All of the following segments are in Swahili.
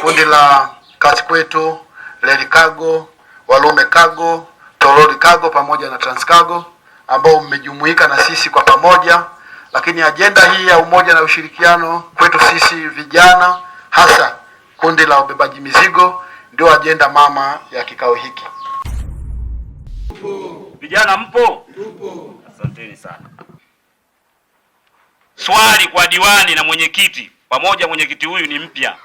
kundi la kasi kwetu, Reli Cargo, Walume Cargo, Toroli Cargo pamoja na transkago ambao mmejumuika na sisi kwa pamoja. Lakini ajenda hii ya umoja na ushirikiano kwetu sisi vijana, hasa kundi la ubebaji mizigo, ndio ajenda mama ya kikao hiki. Vijana mpo? Asanteni sana. Swali kwa diwani na mwenyekiti pamoja, mwenyekiti huyu ni mpya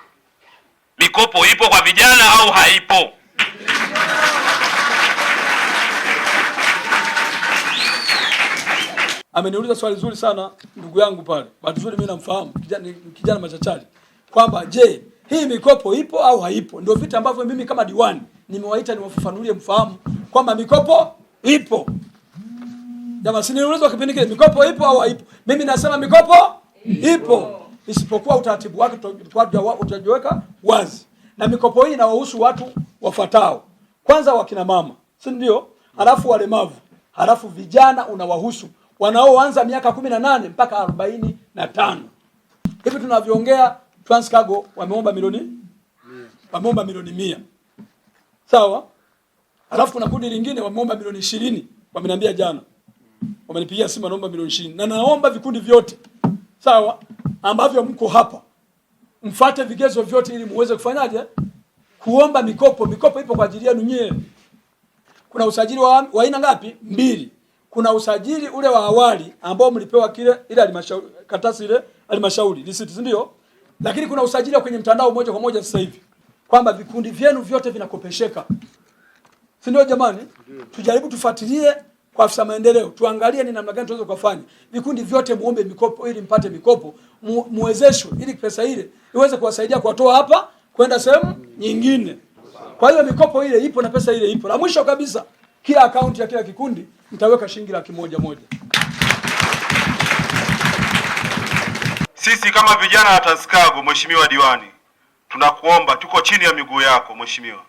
mikopo ipo kwa vijana au haipo? Ameniuliza swali zuri sana ndugu yangu pale, bahati nzuri mimi namfahamu kijana, kijana machachari kwamba je, hii mikopo ipo au haipo? Ndio vitu ambavyo mimi kama diwani nimewaita niwafafanulie, mfahamu kwamba mikopo ipo. Jamaa, si niulizwa kipindi kile mikopo ipo au haipo? Mimi nasema mikopo ipo, ipo isipokuwa utaratibu wake utajiweka wazi, na mikopo hii inawahusu watu wafuatao: kwanza, wakina mama, si ndio? Halafu walemavu, halafu vijana unawahusu wanaoanza miaka kumi na nane mpaka arobaini na tano. Hivi tunavyoongea Transcargo wameomba milioni wameomba milioni mia, sawa. Halafu kuna kundi lingine wameomba milioni ishirini, wameniambia jana, wamenipigia simu, wanaomba milioni ishirini, na naomba vikundi vyote, sawa ambavyo mko hapa, mfate vigezo vyote ili muweze kufanyaje kuomba mikopo. Mikopo ipo kwa ajili yenu nyewe. Kuna usajili wa aina ngapi? Mbili. Kuna usajili ule wa awali ambao mlipewa kile ile halmashauri katasi ile halmashauri risiti, ndio. Lakini kuna usajili kwenye mtandao moja kwa moja sasa hivi kwamba vikundi vyenu vyote vinakopesheka, si ndio? Jamani, tujaribu tufuatilie kwa afisa maendeleo, tuangalie ni namna gani tunaweza kufanya vikundi vyote, muombe mikopo ili mpate mikopo, muwezeshwe ili pesa ile iweze kuwasaidia kuwatoa hapa kwenda sehemu nyingine. Kwa hiyo mikopo ile ipo na pesa ile ipo. La mwisho kabisa, kila akaunti ya kila kikundi mtaweka shilingi laki moja moja. Sisi kama vijana wa Tanskagu, Mheshimiwa Diwani, tunakuomba, tuko chini ya miguu yako Mheshimiwa.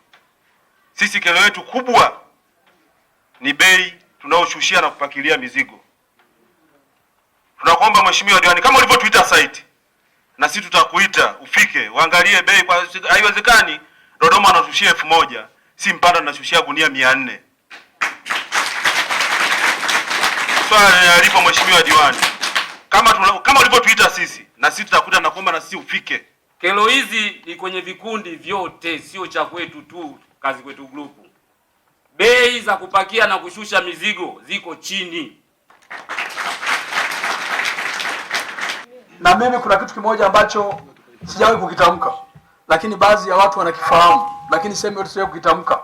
Sisi kero yetu kubwa ni bei tunaoshushia na kupakilia mizigo. Tunakuomba mheshimiwa diwani, kama ulivyotuita site, na sisi tutakuita ufike uangalie bei kwa. Haiwezekani Dodoma anashushia elfu moja si Mpanda anashushia gunia mia nne. Swali alipo mheshimiwa diwani, kama tuna, kama ulivyotuita sisi, na sisi tutakuita na kuomba na sisi ufike. Kero hizi ni kwenye vikundi vyote, sio cha kwetu tu, kazi kwetu grupu bei za kupakia na kushusha mizigo ziko chini. Na mimi kuna kitu kimoja ambacho sijawahi kukitamka, lakini baadhi ya watu wanakifahamu, lakini sehemu yote sijawahi kukitamka.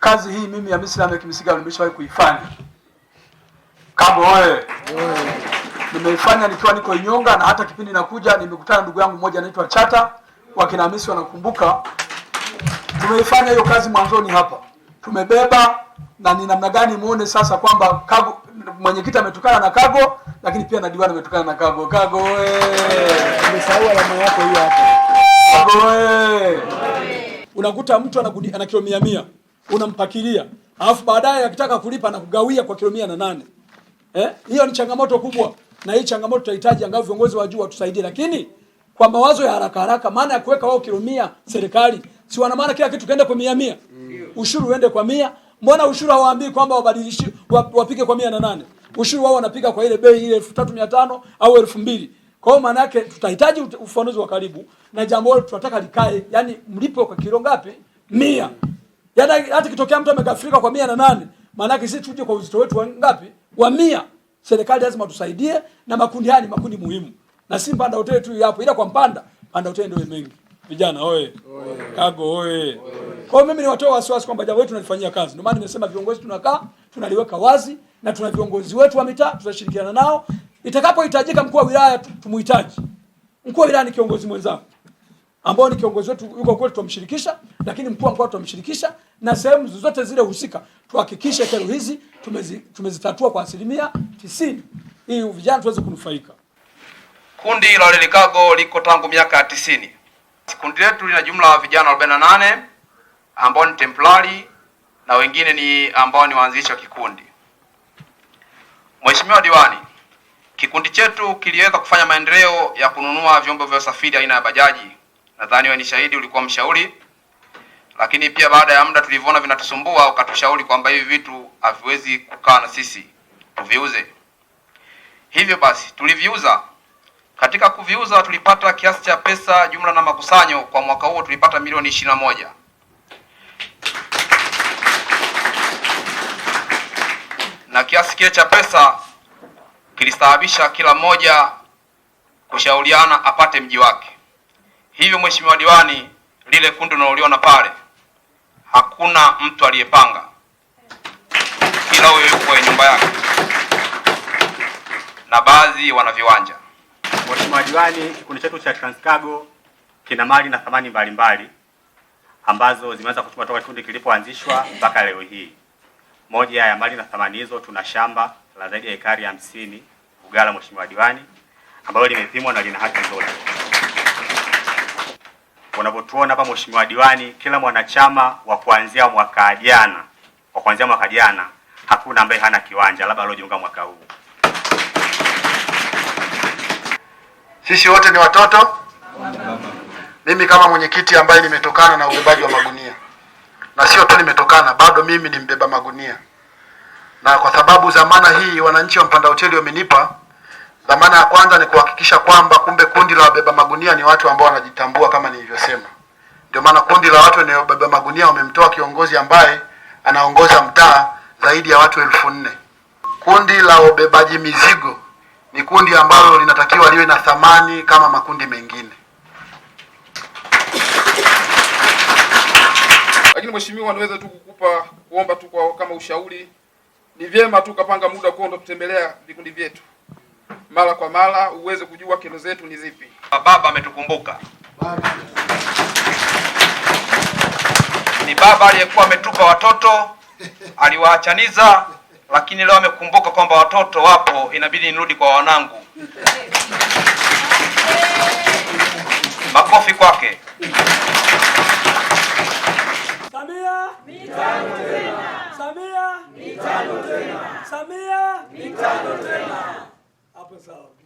Kazi hii mimi ya Misri ya Kimisiga nimeshawahi kuifanya kambo wewe, nimeifanya nikiwa niko Inyonga, na hata kipindi nakuja nimekutana ndugu yangu mmoja anaitwa Chata, wakina Hamisi wanakumbuka, tumeifanya hiyo kazi mwanzoni hapa tumebeba na ni namna gani muone sasa kwamba kago mwenyekiti ametokana na kago, lakini pia na diwani ametokana na kago. Kago umesahau alama yako hiyo hapo. Kago unakuta mtu ana kilo 100 unampakilia, alafu baadaye akitaka kulipa anakugawia kwa kilo mia na Eh, hiyo ni changamoto kubwa, na hii changamoto tutahitaji angalau viongozi wa juu watusaidie, lakini kwa mawazo ya haraka haraka, maana ya kuweka wao kilo 100 serikali si wana maana kila kitu kaenda kwa 100 mm ushuru uende kwa mia. Mbona ushuru hawaambii kwamba wabadilishi wapike kwa mia na nane? Ushuru wao wanapika kwa ile bei ile elfu tatu mia tano au elfu mbili. Kwa hiyo maana yake tutahitaji ufafanuzi wa karibu na jambo hilo tunataka likae, yani mlipo kwa kilo ngapi? Mia. Yaani hata kitokea mtu amegafirika kwa mia na nane, maana yake sisi tuje kwa uzito wetu wa ngapi? Wa mia. Serikali lazima tusaidie na makundi haya ni makundi muhimu. Na si Mpanda Hoteli tu yapo, ila kwa Mpanda Mpanda Hoteli ndio mengi vijana oye, Kago oye. Kwa hiyo mimi niwatoa wasiwasi kwamba jambo letu tunalifanyia kazi. Ndio maana nimesema viongozi tunakaa tunaliweka wazi, na tuna viongozi wetu wa mitaa tutashirikiana nao. Itakapohitajika mkuu wa wilaya tumuhitaji. Mkuu wa wilaya ni kiongozi mwenzangu ambao ni kiongozi wetu yuko kwetu, tumshirikisha, lakini mkuu wa mkoa tumshirikisha, na sehemu zote zile husika tuhakikishe kero hizi tumezi, tumezitatua kwa asilimia tisini ili vijana tuweze kunufaika. Kundi la Lelekago liko tangu miaka ya tisini. Kundi letu lina jumla ya vijana 48 ambao ni templari na wengine ni ambao ni waanzishi wa kikundi. Mheshimiwa Diwani, kikundi chetu kiliweza kufanya maendeleo ya kununua vyombo vya usafiri aina ya bajaji. Nadhani wewe ni shahidi, ulikuwa mshauri, lakini pia baada ya muda tulivyoona vinatusumbua, ukatushauri kwamba hivi vitu haviwezi kukaa na sisi, tuviuze. Hivyo basi tuliviuza katika kuviuza tulipata kiasi cha pesa jumla na makusanyo kwa mwaka huo tulipata milioni ishirini na moja. Na kiasi kile cha pesa kilisababisha kila mmoja kushauriana apate mji wake. Hivyo Mheshimiwa Diwani, lile kundi unaloliona pale hakuna mtu aliyepanga, kila huyo yuko kwenye nyumba yake, na baadhi wana viwanja. Mheshimiwa Diwani, kikundi chetu cha Transcargo kina mali na thamani mbalimbali ambazo zimeanza kuchuma toka kikundi kilipoanzishwa mpaka leo hii. Moja ya mali na thamani hizo, tuna shamba la zaidi ya ekari hamsini ugala Mheshimiwa Diwani, ambalo limepimwa na lina hati zote. Unavyotuona hapa Mheshimiwa Diwani, kila mwanachama wa kuanzia mwaka jana wa kuanzia mwaka jana, hakuna ambaye hana kiwanja, labda aliojiunga mwaka huu. Sisi wote ni watoto. Mimi kama mwenyekiti ambaye nimetokana na ubebaji wa magunia, na sio tu nimetokana, bado mimi ni mbeba magunia, na kwa sababu dhamana hii wananchi wa Mpanda Hoteli wamenipa dhamana ya kwanza ni kuhakikisha kwamba kumbe kundi la wabeba magunia ni watu ambao wanajitambua kama nilivyosema. Ndio maana kundi la watu wanaobeba magunia wamemtoa kiongozi ambaye anaongoza mtaa zaidi ya watu elfu nne. Kundi la wabebaji mizigo ni kundi ambalo linatakiwa liwe na thamani kama makundi mengine. Lakini mheshimiwa, niweze tu kukupa kuomba tu kwa kama ushauri, ni vyema tu kapanga muda kuenda kutembelea vikundi vyetu mara kwa mara, uweze kujua kero zetu ni zipi. Baba ametukumbuka, ni baba aliyekuwa ametupa watoto, aliwaachaniza lakini leo amekumbuka kwamba watoto wapo, inabidi nirudi kwa wanangu. Makofi kwake. Samia mitano tena, Samia mitano tena, Samia mitano tena. Hapo sawa.